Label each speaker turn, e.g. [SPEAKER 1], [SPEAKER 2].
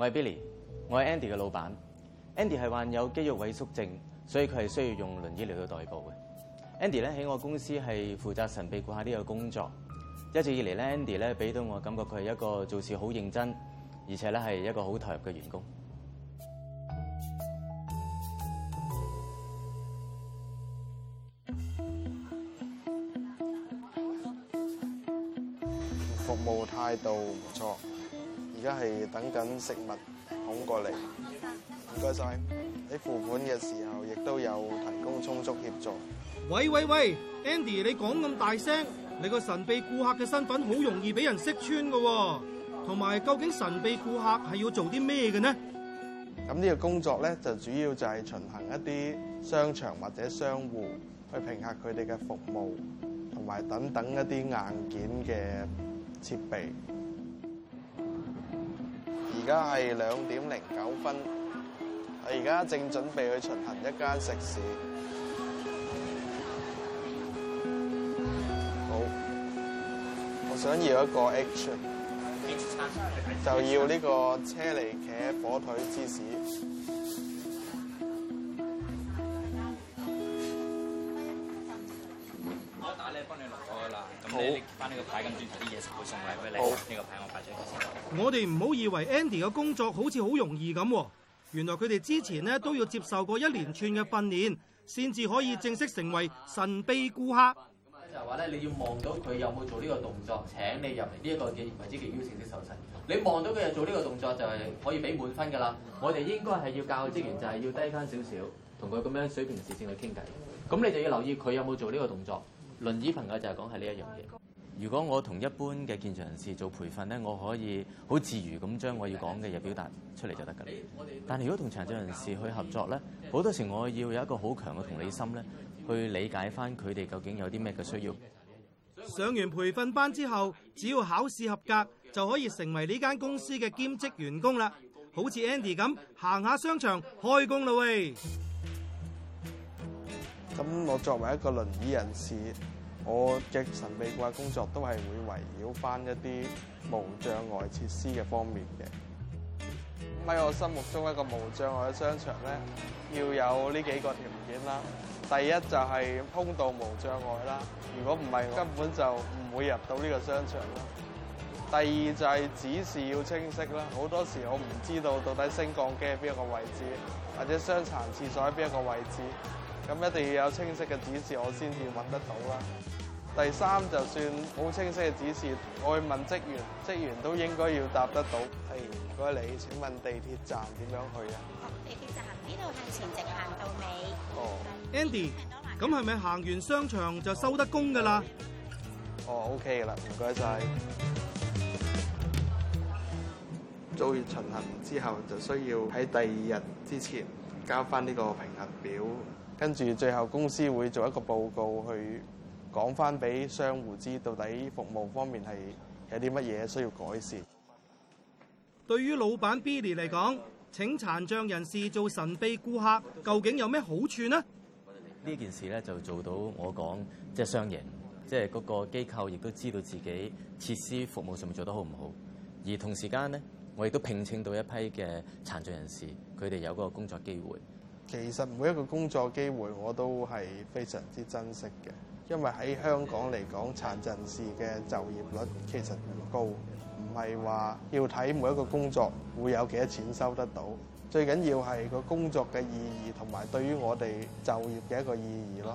[SPEAKER 1] 我係 Billy，我係 Andy 嘅老闆。Andy 係患有肌肉萎縮症，所以佢係需要用輪椅嚟到代步嘅。Andy 咧喺我公司係負責神秘顧客呢個工作。一直以嚟咧，Andy 咧俾到我感覺佢係一個做事好認真，而且咧係一個好投入嘅員工。
[SPEAKER 2] 服務態度唔錯。而家係等緊食物，捧過嚟。唔該晒，喺付款嘅時候，亦都有提供充足協助。
[SPEAKER 3] 喂喂喂，Andy，你講咁大聲，你個神秘顧客嘅身份好容易俾人識穿嘅喎。同埋，究竟神秘顧客係
[SPEAKER 2] 要做啲咩嘅呢？咁呢個工作咧，就主要就係巡行一啲商場或者商戶，去評核佢哋嘅服務，同埋等等一啲硬件嘅設備。而家係兩點零九分，我而家正準備去巡行一間食肆。好，我想要一個 action，
[SPEAKER 1] 就要呢個車
[SPEAKER 2] 厘茄火腿芝士。
[SPEAKER 3] 好，翻呢個牌，咁轉頭做啲嘢，十倍送禮俾你。呢個牌我擺上嚟先。我哋唔好以為 Andy 嘅工作好似好容易咁，原來佢哋之前咧都要接受過一連串嘅訓練，先至可以正式成為神秘顧客。咁就
[SPEAKER 1] 係話咧，你要望到佢有冇做呢個動作，請你入嚟呢一個嘅為之極邀請式手勢。你望到佢有做呢個動作，就係可以俾滿分噶啦。我哋應該係要教職員，就係要低翻少少，同佢咁樣水平視線去傾偈。咁你就要留意佢有冇做呢個動作。輪椅朋友就係講係呢一樣嘢。如果我同一般嘅健常人士做培訓咧，我可以好自如咁將我要講嘅嘢表達出嚟就得㗎。但係如果同殘障人士去合作咧，好多時我要有一個好強嘅同理心咧，去理解翻佢哋究竟有啲咩嘅需要。
[SPEAKER 3] 上完培訓班之後，只要考試合格就可以成為呢間公司嘅兼職員工啦。好似 Andy 咁行下商場，開工啦喂！
[SPEAKER 2] 咁我作為一個輪椅人士。我嘅神秘客工作都係會圍繞翻一啲無障礙設施嘅方面嘅。喺我心目中一個無障礙嘅商場咧，要有呢幾個條件啦。第一就係通道無障礙啦，如果唔係根本就唔會入到呢個商場啦。第二就係指示要清晰啦，好多時候我唔知道到底升降機喺邊一個位置，或者傷殘廁所喺邊一個位置，咁一定要有清晰嘅指示我先至揾得到啦。第三，就算好清晰嘅指示，我去問職員，職員都應該要答得到。係唔該你。請問地鐵站點樣去啊？地鐵站行呢度
[SPEAKER 3] 向前直行到尾。哦。Oh. Andy，咁係咪行完商場就收得工㗎啦？
[SPEAKER 2] 哦、oh，OK 㗎啦，唔該晒。做完巡行之後就需要喺第二日之前交翻呢個評核表，跟住最後公司會做一個報告去，講翻俾商戶知，到底服務方面係有啲乜嘢需要改善。對
[SPEAKER 3] 於老闆 Billy 嚟講，請殘障人士做神秘顧客，究竟有咩好處呢？
[SPEAKER 1] 呢件事咧就做到我講即係雙贏，即係嗰個機構亦都知道自己設施服務上面做得好唔好，而同時間咧我亦都聘請到一批嘅殘障人士，佢哋有嗰個工作機會。
[SPEAKER 2] 其實每一個工作機會我都係非常之珍惜嘅，因為喺香港嚟講，殘疾人士嘅就業率其實唔高，唔係話要睇每一個工作會有幾多錢收得到，最緊要係個工作嘅意義同埋對於我哋就業嘅一個意義囉。